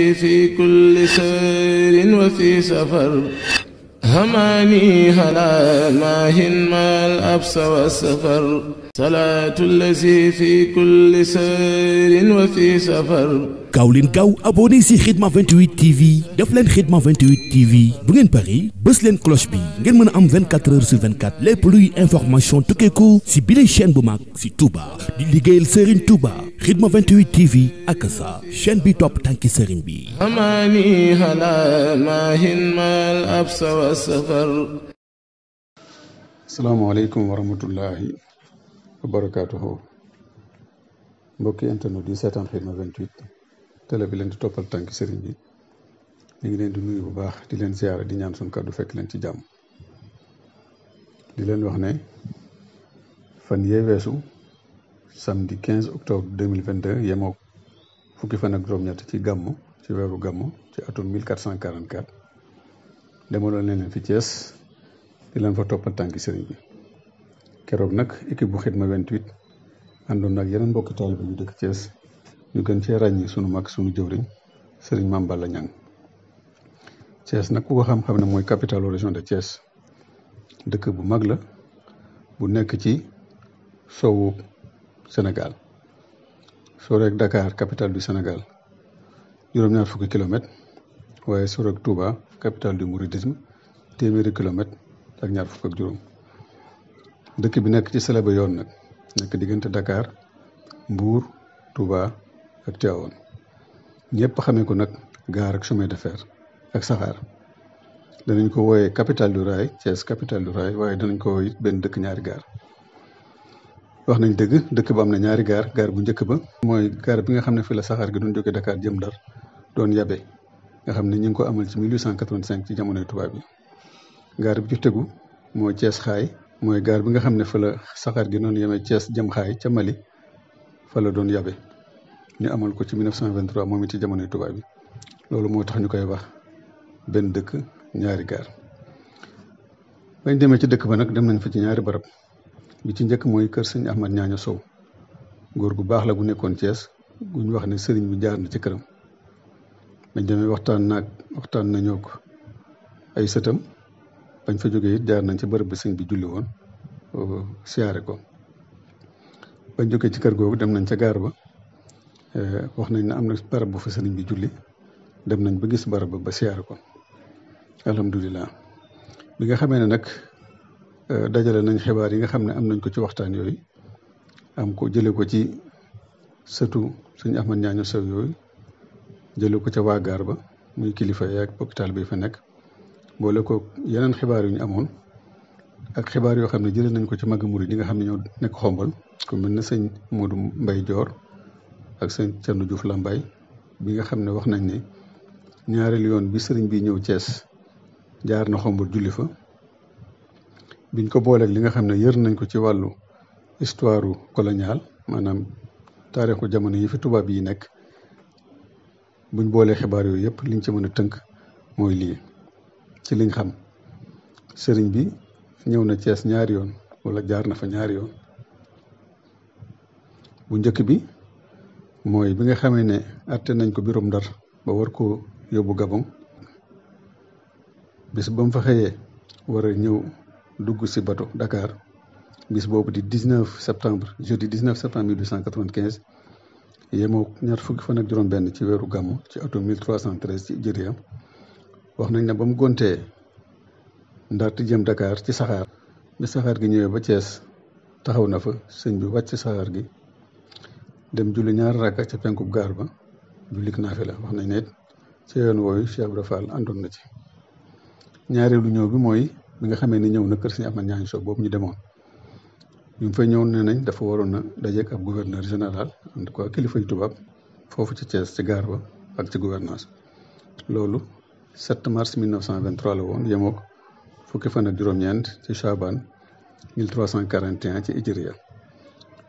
في كل سير وفي سفر هماني هلا ماهن ما الأبس والسفر salaatu lazi fi kulli sayrin wa fi safar. gaaw leen gaaw abonné si Khidma 28 TV def leen Khidma 28 TV bu ngeen pari bës leen cloche bi ngeen mën a am 24 heures sur 24 lépp luy information tukkeeku si bile chaîne bu mag si Touba di liggéeyal Serigne Touba Khidma 28 TV ak sa chaîne bi topp tànki Serigne bi. amaani halal maahin maal absa wa safar. asalaamaaleykum wa wa barakaatuhu mbokki internet yi seetaan Khidma 28 télé bi leen di toppal tànk sëriñ bi ñu ngi leen di nuyu bu baax di leen ziyaare di ñaan suñu kàddu fekk leen ci jàmm di leen wax ne fan yee weesu samedi 15 octobre 2022 yemoo fukki fan ak juróom-ñett ci gàmmu ci weeru gàmmu ci atum mille 1444 demaloon leen leen fi Thiès di leen fa toppal tànki sëriñ bi keroog nag équipe bu Xidma 28 àndoon nag yeneen mbokki taalibe yu dëkk Thiès ñu gën cee ràññi sunu mag sunu jëwriñ sëriñ Mame Balla Niang Thiès nag ku ko xam-xam ne mooy capitale région de Thiès dëkk bu mag la bu nekk ci sowu Sénégal sooreeg Dakar capital du Sénégal juróom-ñaar fukki kilomètres waaye sooreeg Touba capitale du mouridisme téeméeri kilomètres ak ñaar fukk juróom dëkk bi nekk ci selebe yoon nag nekk diggante Dakar Mbour Touba ak Tivaouane ñëpp xamee ko nag gaar ak chemin de fer ak saxaar danañ ko wooyee capitale du rail Thiès capitale du rail waaye danañ ko wooyee benn dëkk ñaari gaar wax nañ dëgg dëkk bi am na ñaari gaar gaar bu njëkk ba mooy gaar bi nga xam ne fi la saxaar gi doon jóge Dakar jëm Ndar doon yabe nga xam ne ñu ngi ko amal ci 1885 ci jamonoy tubaab bi gaar bi ci tegu mooy Thiès xaay mooy gaar bi nga xam ne fa la saxaar gi noonu yemee Thiès jëm xaay ca Mali fa la doon yabe ñu amal ko ci 1923 moom it ci jamonoy tubaab bi loolu moo tax ñu koy wax benn dëkk ñaari gaar bañ demee ci dëkk ba nag dem nañ fa ci ñaari barab bi ci njëkk mooy kër sëñ Ahmad Ñaaño Sow góor gu baax la gu nekkoon Thiès gu wax ne sëriñ bi jaar na ci këram bañ demee waxtaan naag waxtaan nañoo ko ay sëtam bañ fa jógee jaar nañ ci bërëb bi sëñ bi julli woon siyaare ko ba jógee ci kër googu dem nañ ca gaar ba eh, wax nañ ne am na barab bu fa sëriñ bi julli dem nañ ba gis barab ba ba siyaare ko alhamdulilah bi nga xamee ne nag eh, dajale nañ xibaar yi nga xam ne am nañ ko ci waxtaan yooyu am ko jële ko ci sëtu suñ Ahmad ñaañu saw yooyu jële ko ca waa gaar ba muy kilifa yaak hôpital bi fa nekk boole ko yeneen xibaar yu ñu amoon ak xibaar yoo xam ne jëlee nañ ko ci màgg murid yi nga xam ne ñoo nekk xombal ku mel ne sëñ Modou Mbay Joor ak sëñ Thierno Diouf Lambaye bi nga xam ne wax nañ ne ñaareelu yoon bi sëriñ bi ñëw Cees jaar na xombal julli fa biñ ko booleeg li nga xam ne yër nañ ko ci wàllu histoire coloniale maanaam taarixu jamono yi fi tubaab yi nekk buñ boolee xibaar yooyu yëpp liñ ci mën a tënk mooy lii ci liñ xam sëriñ bi ñëw na cees ñaari yoon wala jaar na fa ñaari yoon bu njëkk bi mooy bi nga xamee ne arte nañ ko biirum dar ba war ko yóbbu Gabon bis ba mu fa xëyee war a ñëw dugg ci bato Dakar bis boobu di 19 septembre jeudi 19 septembre 1895 yemoo ñaar fukki fan ak juróom-benn ci weeru gàmmu ci atum 1313 ci Hijriya wax nañ ne ba mu gontee ndaxte jëm dakaar ci saxaar bi saxaar gi ñëwee ba cees taxaw na fa sëñ bi wàcc saxaar gi dem julli ñaar rakka ca penkub gaar ba jullik naafi la wax nañ ne ci yoon wooyu Cheikh Ibra Fall àndoon na ci ñaareelu ñëw bi mooy bi nga xamee ni ñëw na kër sëñ Amath Niang Sow boobu ñu demoon bi mu fay ne nañ dafa waroon na dajeek ab gouverneur général en tout kilifa yu tubaab foofu ci Thiès ci gaar ba ak ci gouvernance loolu 7 mars 1923 la woon yemook fukki fan ak juróom-ñeent ci Chaban 1341 ci Hijriya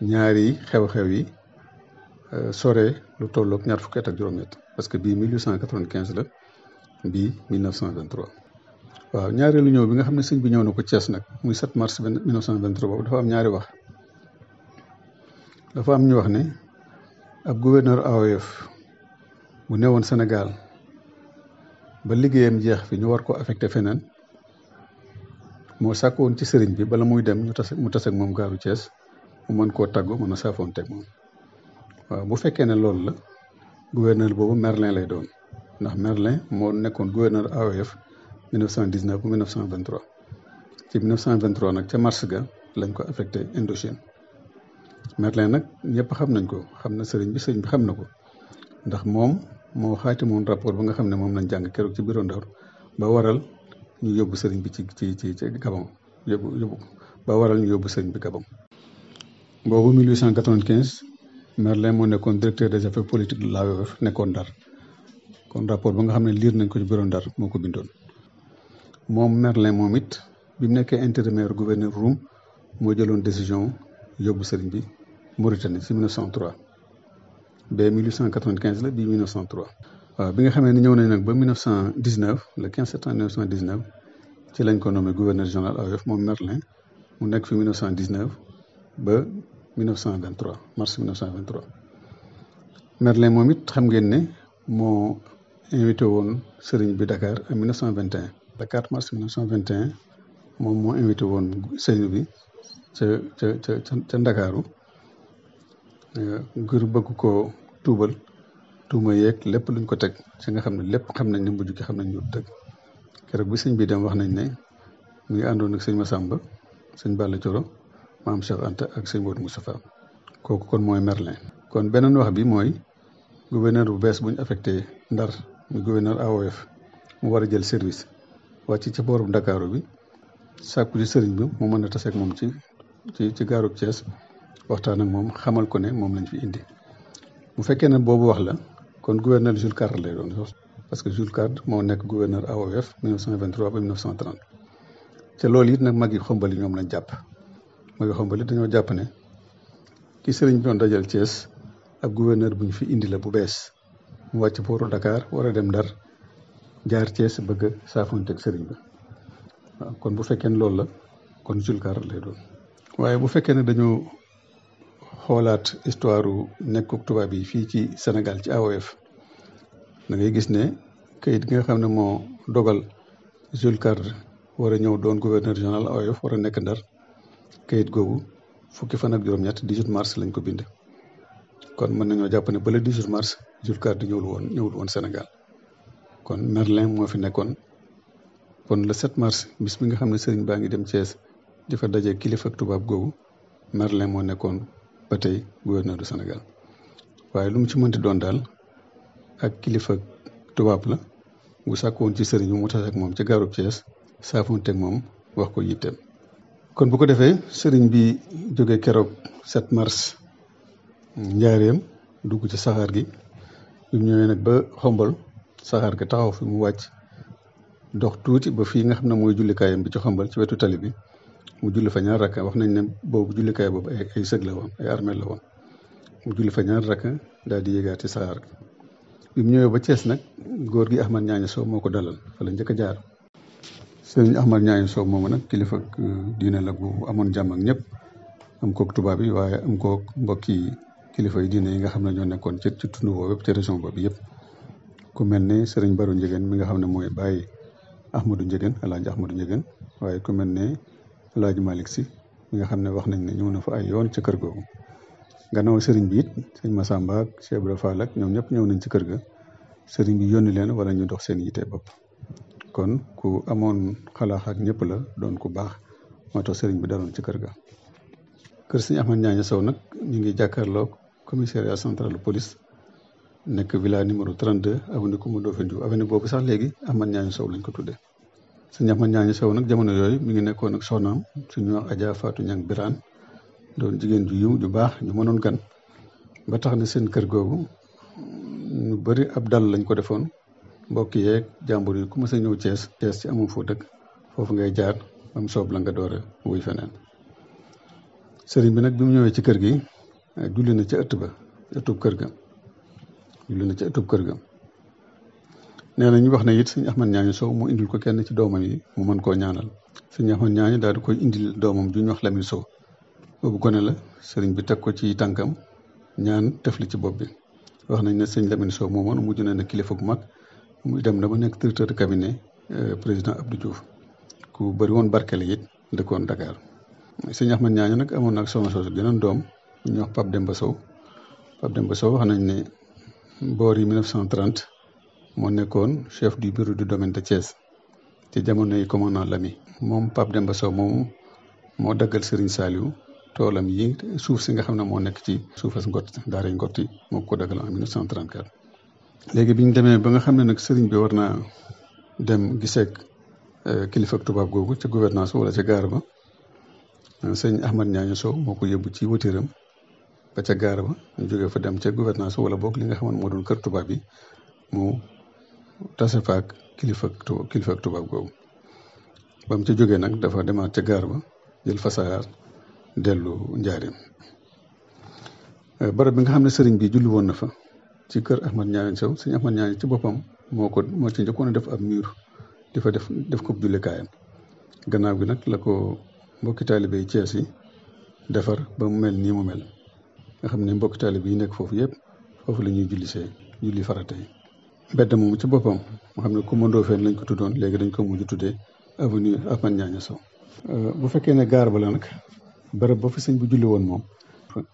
ñaari xew-xew yi euh, sore lu tolloog ñaar fukki at ak juróom-ñett parce que bii 1895 la bii 1923. waaw ñaareelu ñëw bi nga xam ne sëñ bi ñëw na ko cees nag muy 7 mars 1923 boobu dafa am ñaari wax dafa am ñu wax ne ab gouverneur AOF bu newoon senegal ba liggéeyam jeex fi ñu war ko affecté feneen. moo sàkkoon ci sëriñ bi bala muy dem ñu tase mu taseeg ak moom gaaru Thiès mu mën koo tàggu mën a saafoon teg moom waaw bu fekkee ne loolu la gouverneur boobu Merlin lay doon ndax Merlin moo nekkoon gouverneur AOF 1919 ba 1923 ci 1923 nag ca mars ga lañ ko affecté Indochine Merlin nag ñëpp xam nañ ko xam na sëriñ bi sëriñ bi xam na ko ndax moom moo xaatimoon rapport ba nga xam ne moom lañ jàng keroog ci bureau Ndar ba waral ñu yóbbu sëriñ bi ci ci ci Gabon yóbbu yóbbu ba waral ñu yóbbu sëriñ bi Gabon. boobu 1895 Merlin moo nekkoon directeur des affaires politiques de l'AOF nekkoon Ndar kon rapport ba nga xam ne liir nañ ko ci bureau Ndar moo ko bindoon. moom Merlin moom it bi mu nekkee intérimaire gouverneur Roum moo jëloon décision yóbbu sëriñ bi Mauritanie ci 1903 ba 1895 la bi 1903. waaw bi nga xamee ni ñëw nañ nag ba 1919 le 15 septembre 1919 ci lañ ko nommé gouverneur général AOF moom Merlin mu nekk fi 1919 ba 1923 mars 1923 Merlin moom it xam ngeen ne moo invité woon sëriñ bi Dakar en 1921 le 4 mars 1921 moom moo invité woon sëriñ bi ca ca ca ca Ndakaaru euh, ngir bëgg ko tuubal tuuma yeeg lépp luñ ko teg ci nga xam ne lépp xam nañ ne mujj gi xam nañ ñu teg keroog bi sëñ bii dem wax nañ ne mu ngi àndoon ak sëñ Massamba sëñ Balla Coro maam Cheikh Anta ak sëñ Modou Moustapha kooku kon mooy Merlin. kon beneen wax bi mooy gouverneur bu bees bu ñu affecté ndar mu gouverneur AOF mu war a jël service wàcc ci booru Ndakaaru bi sàkku ci sëriñ bi mu mën a taseeg moom ci ci ci gaaru Thiès waxtaan ak moom xamal ko ne moom lañ fi indi bu fekkee ne boobu wax la. kon gouverneur Jules Carr lay doon sos parce que Jules Carr moo nekk gouverneur AOF te loolu it nag mag yi xombali ñoom lañ jàpp mag yi xombali dañoo jàpp ne ki sëriñ bi doon dajal Thiès ak gouverneur bu ñu fi indi la bu bees mu wàcc pooru Dakar war a dem Ndar jaar Thiès bëgg a saafonteeg sëriñ bi waaw kon bu fekkee ne loolu la kon Jules Carr lay doon waaye bu fekkee ne dañoo xoolaat histoire nekkuk tubaab yi fii ci Sénégal ci AOF da ngay gis ne kayit gi nga xam ne moo dogal Jules Carde war a ñëw doon gouverneur régional AOF war a nekk Ndar kayit googu fukki fan ak juróom-ñett 18 mars lañ ko bind kon mën nañoo jàpp ne ba le 18 mars Jules Carde ñëwul woon ñëwul woon Sénégal kon Merlin moo fi nekkoon kon le 7 mars mbis mi nga xam ne sëriñ baa ngi dem Thiès di fa daje kilifa tubaab googu Merlin moo nekkoon ba tey gouverneur du Sénégal waaye lu mu ci mënti doon daal ak kilifa tubaab la bu sàkkoon ci sëriñ bi mu tase ak moom ci gaaru Thiès saafonte ak moom wax ko yitteem kon bu ko defee sëriñ bi jóge keroog 7 mars njaareem dugg ci saxaar gi bi mu ñëwee nag ba xombal saxaar gi taxaw fi mu wàcc dox tuuti ba fii nga xam ne mooy jullikaayam bi ci xombal ci wetu tali bi mu julli fa ñaar rakka wax nañ ne boobu jullikaay boobu ay ay sëg la woon ay armeel la woon mu julli fa ñaar rakka daal di yéegaat ci saxaar bi mu ñëwee ba cees nag góor gi Ahmad Ñaañ Sow moo ko dalal fa njëkk a jaar sëriñ Ahmad Ñaañ Sow moomu nag kilifa euh, diine la gu amoon jàmm ak ñëpp am kook tubaab yi waaye am kook mbokk yi kilifa yi diine yi nga xam ne ñoo nekkoon ci ci tund ci région boobu yëpp ku mel ne sëriñ Baru Njëgeen mi nga xam ne mooy bàyyi Ahmadou Njëgeen Alaaji Ahmadou Njëgeen waaye ku mel El Hadj Malick si mi nga xam ne wax nañ ne ñëw na fa ay yoon ci kër googu gannaaw sëriñ bi it sëñ Massamba ak Cheikh Ibra Fall ak ñoom ñëpp ñëw nañ ci kër ga sëriñ bi yónni leen wala ñu dox seen yite bopp kon ku amoon xalaax ak ñëpp la doon ku baax moo tax sëriñ bi daloon ci kër ga. kër sëñ Ahmad Ñaaña Sow nag ñu ngi jàkkaarloog commissariat central police nekk villa numéro 32 avenue Coumba Ndoffène Diouf avenue boobu sax léegi Ahmad Ñaaña Sow lañ ko tuddee. sëñ Ahmad Ñaŋ Sow nag jamono yooyu mu ngi nekkoon ak soxnaam suñu wax Adja Fatou Ñaŋ Birane doon jigéen ju yiw ju baax ñu mënoon gan ba tax na seen kër googu ñu bari ab dal lañ ko defoon mbokk yeeg jàmbur yi ku mës ñëw cees Thiès ci amum foo dëkk foofu ngay jaar am soob la nga doore wuy feneen sëriñ bi nag bi mu ñëwee ci kër gi julli na ci ëtt ba ëttub kër ga julli na ci ëttub kër ga nee na ñu wax ne it sëñ Axmad ñaañu Sow mu indil ko kenn ci doomam yi mu man koo ñaanal sëñ Axmad ñaañu daal di koy indil doomam ju ñu wax Lamine Sow boobu gone la sëriñ bi teg ko ci tànkam ñaan tefli ci bopp bi wax nañ ne sëñ Lamine Sow moomoon mujj na ne kilifa gu mag mu dem na ba nekk directeur de cabinet euh, président Abdou Diouf ku bëri woon barkele it dëkkoon Dakar sëñ Axmad ñaañu nag amoon na ak soxna soosu doom ñu wax Pape Demba Sow Pape Demba Sow wax nañ ne boor yi moo nekkoon chef du bureau du domaine de Thiès ci jamonoy commandant Lamy moom dem ba Sow moom moo daggal Serigne Saliou toolam yi suuf si nga xam ne moo nekk ci suufas Ngot daaray Ngot yi moo ko daggal en 1934. léegi bi ñu demee ba nga xam ne nag Serigne bi war naa dem giseeg euh, kilifa tubaab googu ca gouvernance walla ca gaar ba euh, sëñ Ahmad Ñaañu Sow moo ko yóbbu ci watiram ba ca gaar ba ñu jógee fa dem ca gouvernance wala boog li nga xamoon moo doon kër tubaab bi tase faak kilifa kilifa tubaab googu ba mu ca jógee nag dafa demaat ca gaar ba jël fasaar dellu njaareem euh, barab bi nga xam ne sëriñ bi julli woon na fa ci kër Ahmad Ñaañ Sow sëñ Ahmad ci boppam moo ko moo ci njëkkoon a def ab miir di fa def def ko jullikaayam gannaaw gi nag la ko mbokki taalibe yi Cees defar ba mu mel nii mu mel nga xam ne mbokki taalibe yi nekk foofu yëpp foofu la ñuy julli see julli farata mbedd moom ci boppam moo xam ne Coumba Ndoffène lañ ko tuddoon léegi dañ ko mujj tuddee avenue Aman Ñaaña Sow euh, bu fekkee ne gaar ba la nag bërëb ba fi sëñ bu julli woon moom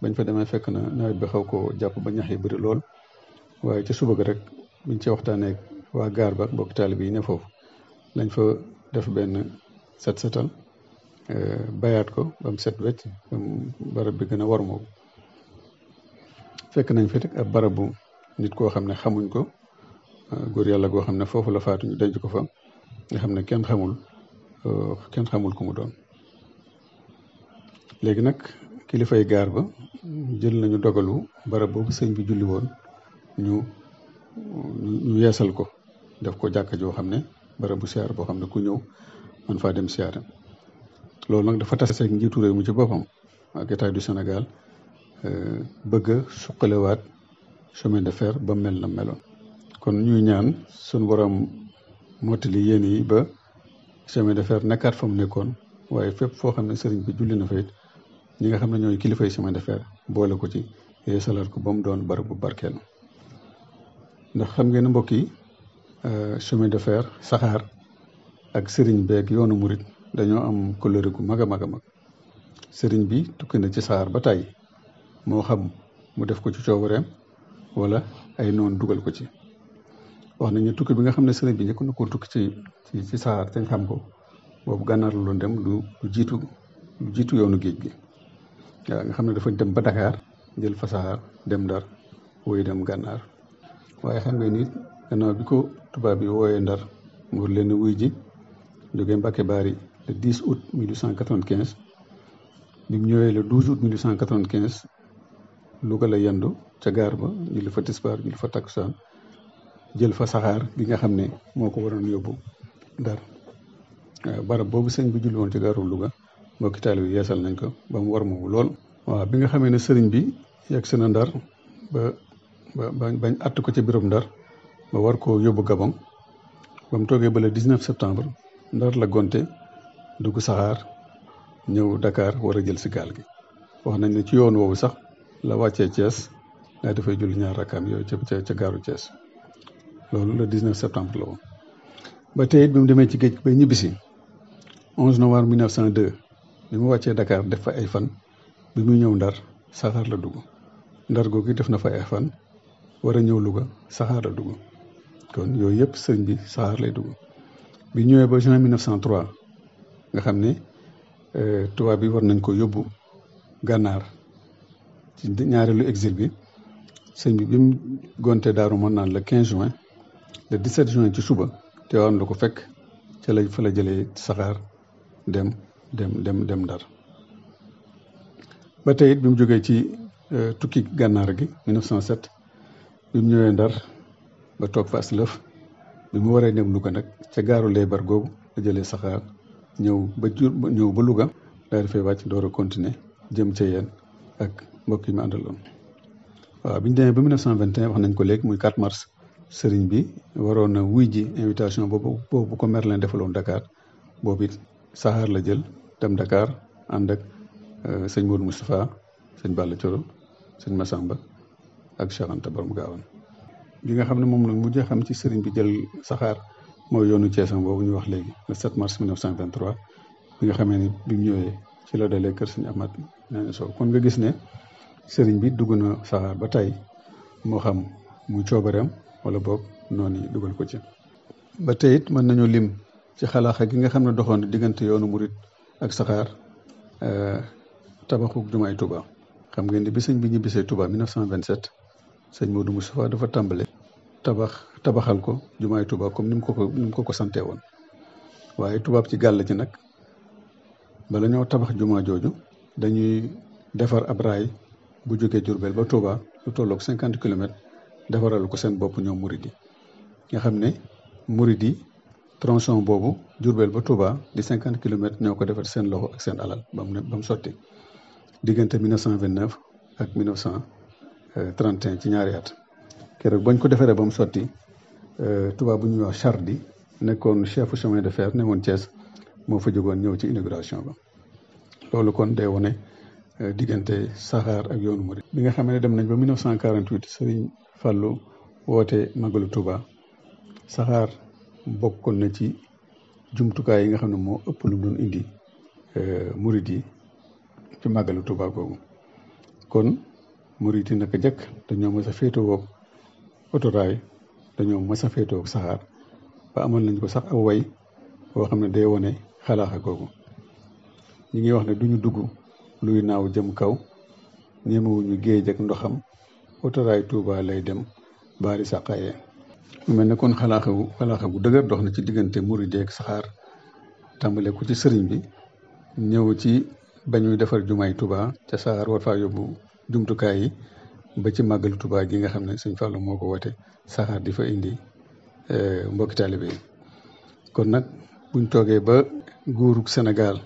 bañ fa demee fekk na nawet bi xaw ko jàpp ba ñax yi bëri lool waaye ci suba ga rek buñ ci waxtaanee waa gaar ba bokk taalib yi ne foofu lañ fa def benn set setal euh, bayaat ko ba mu set wecc barab bi gën a war moom fekk nañ fi rek ab barabu nit koo xam ne xamuñ ko Euh, góor yàlla goo xam ne foofu la faatu ñu denc ko fa nga xam ne kenn xamul euh, kenn xamul ku mu doon léegi nag kilifay gaar ba jël nañu dogalu barab boobu sëñ bi julli woon ñu ñu yeesal ko def ko jàkka joo xam ne barab bu siyaar boo xam ne ku ñëw man faa dem siyaare loolu nag dafa tase ak njiitu réew mi ci boppam ak état du Sénégal euh, bëgg a chemin de fer ba mel na melo kon ñuy ñaan suñu borom mottali yéen yi ba chemin de fer nekkaat fa mu nekkoon waaye fépp foo xam ne sëriñ bi julli na fa it ñi nga xam ne ñooy kilifay chemin de fer boole ko ci yeesalaat ko ba mu doon barab bu barkeel ndax xam ngeen mbokk yi chemin euh, de fer saxaar ak sëriñ beeg yoonu murit dañoo am colère gu mag a mag a mag sëriñ bi tukki na ci saxaar ba tàyyi moo xam mu def ko ci coobareem wala ay noon dugal ko ci wax nañu tukki bi nga xam ne sëriñ bi njëkk na koo tukki ci ci ci saxaar te xam ko boobu gànnaar la doon dem lu jiitu lu jiitu yoonu géej gi waaw nga xam ne dafa dem ba dakaar jël fa saxaar dem Ndar wooyu dem gànnaar waaye xam nga ni gannaaw bi ko tubaab yi wooyee Ndar mu leen wuy ji jógee Mbàkke Baari le 10 août 1895 bi mu ñëwee le 12 août 1895 Louga la yendu ca gaar ba julli fa tisbaar julli fa takkusaan jël fa saxaar gi nga xam ne moo ko waroon yóbbu Ndar euh, barab boobu sëñ bi julli woon ci garu Louga mbokki taalibe yi yeesal nañ ko ba mu war moomu lool. waaw bi nga xamee ne sëriñ bi yegg si na Ndar ba ba bañ àtt ko ci biirum Ndar ba war koo yóbbu Gabon ba mu toogee ba le septembre Ndar la gonte dugg saxaar ñëw dakaar war a jël si gaal gi wax nañ ne ci yoon woowu sax la wàccee Thiès daa dafay julli ñaar rakkaam yooyu ca ca gaaru Thiès. loolu le 19 septembre la woon ba tey bi mu demee ci géej ba ñibbisi 11 novembre 1902 bi mu wàccee Dakar def fa ay fan bi muy ñëw ndar saxaar la dugg ndar googu def na fa ay fan war a ñëw Louga saxaar la dugg kon yooyu yëpp sëñ bi saxaar lay dugg bi ñëwee ba juin 1903 nga xam ne euh, tubaab bi war nañ ko yóbbu gànnaar ci ñaareelu exil bi sëñ bi bi mu gontee daaru mën naan le 15 juin le 17 juin ci suba Tiwaawan la ko fekk ca la fa la jëlee saxaar dem dem dem dem Ndar ba tey it bi mu jógee ci euh, tukki gànnaar gi 1907 bi mu ñëwee Ndar ba toog fa aslëf bi mu waree dem Louga nag ca gaaru Lébar googu la jëlee saxaar ñëw ba jur ñëw ba Louga daal di fay wàcc door a jëm ca yéen ak mbokk yi mu àndaloon waaw bi ñu demee ba wax nañ ko léegi muy 4 mars sëriñ bi waroon na wuy ji invitation boobu boobu ko Merlin defaloon Dakar boobu it saxaar la jël dem Dakar ànd ak euh, sëñ Modou Moustapha sëñ Balla Coro sëñ Massamba ak Cheikh Anta Borom Gaawan bi nga xam ne moom la mujjee xam ci sëriñ bi jël saxaar mooy yoonu Ceesam boobu ñu wax léegi le 7 mars bi nga xamee ni bi ñëwee ci la dalee kër sëñ Amath Ñaane Sow kon nga gis ne sëriñ bi dugg na saxaar ba tey moo xam mu coobareem wala boog noonu yi dugal ko ci. ba tey it mën nañu lim ci xalaaxa gi nga xam ne doxoon diggante yoonu murit ak saxaar eh, tabaxu jumaay Touba. xam ngeen ni bi sëñ bi ñu bisee Touba 1927 sëñ Modou Moustapha dafa tàmbale. tabax tabaxal ko jumaay Touba comme ni mu ko ko ni mu ko ko santee woon waaye tubaab ci gàll ci nag bala ñoo tabax jumaa jooju dañuy defar ab raay bu jógee Jurbel ba Touba lu tolloog cinquante kilomètres. defaral ko seen bopp ñoom murid yi nga xam ne murid yi tronçon boobu Diourbel ba Touba di cinquante kilomètres ñoo ko defar seen loxo ak seen alal ba mu ne ba mu sotti diggante 1929 ak 1931 ci ñaari at keroog bañ ko defaree ba mu sotti euh, Touba bu ñuy wax Chardy nekkoon chef chemin de fer newoon cees moo fa jógoon ñëw ci inauguration ba loolu kon day wone euh, diggante saxaar ak yoonu murid bi nga xam ne dem nañ ba 1948 Serigne Fallou woote Magalu Touba saxaar bokkoon na ci jumtukaay yi nga xam ne moo ëpp lu mu doon indi euh, murid yi ci Magalu Touba googu kon murid yi naka jëkk dañoo mës a féetewoog otoraay dañoo mës a féetewoog saxaar ba amal nañ ko sax aw way boo xam ne day wone xalaaxa googu ñi ngi wax ne duñu dugg luy naaw jëm kaw ñemewuñu géej ak ndoxam autorail Touba lay dem baari Saqaye mu mel ne kon xalaaxa bu xalaaxa bu dëgër dox na ci diggante murid ak saxaar tàmbale ko ci sëriñ bi ñëw ci bañuy defar jumaay Touba ca saxaar war faa yóbbu jumtukaay yi ba ci màggal Touba gi nga xam ne suñ Fallou moo ko woote saxaar di fa indi e, mbokki taalibe yi kon nag buñ toogee ba nguurug Sénégal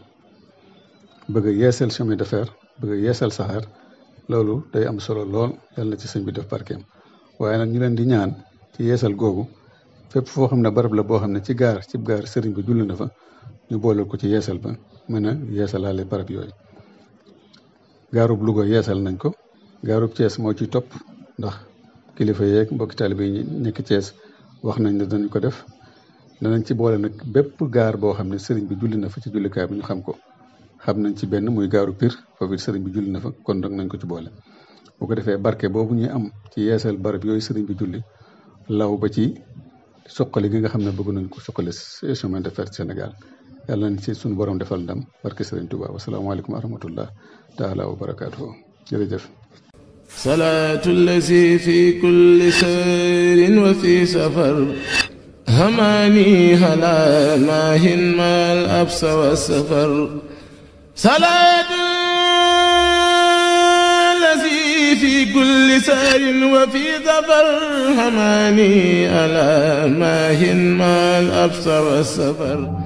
bëgg a yeesal chemin de fer bëgg a yeesal saxaar loolu day am solo lool yàlla na ci sëñ bi def barkeem waaye nag ñu leen di ñaan ci yeesal googu fépp foo xam ne barab la boo xam ne ci gaar ci gaar sëriñ bi julli na fa ñu booleel ko ci yeesal ba mën a yeesalaale barab yooyu gaarub Louga yeesal nañ ko gaarub Thiès moo ci topp ndax kilifa yeeg mbokki taalibe yi nekk Thiès wax nañ ne dañu ko def danañ ci boole nag bépp gaar boo xam ne sëriñ bi julli na fa ci jullikaay bi ñu xam ko xam nañ ci benn muy gaaru Pire foofu sëriñ bi julli na fa kon nag nañ ko ci boole bu ko defee barke boobu ñuy am ci yeesal barab yooyu sëriñ bi julli law ba ci suqali gi nga xam ne bëgg nañ ko suqali chemin de fer Sénégal yàlla nañ ci suñu borom defal ndam barke sëriñ Touba wasalaamaaleykum wa a taala wa barakaatuhu jërëjëf salaatu lazi fi kulli sayrin wa fi safar هماني هلا ماهن ما الأبس والسفر salaat lazi fi kulli saarin wa fi safar xamaani ala maahin maal absar safar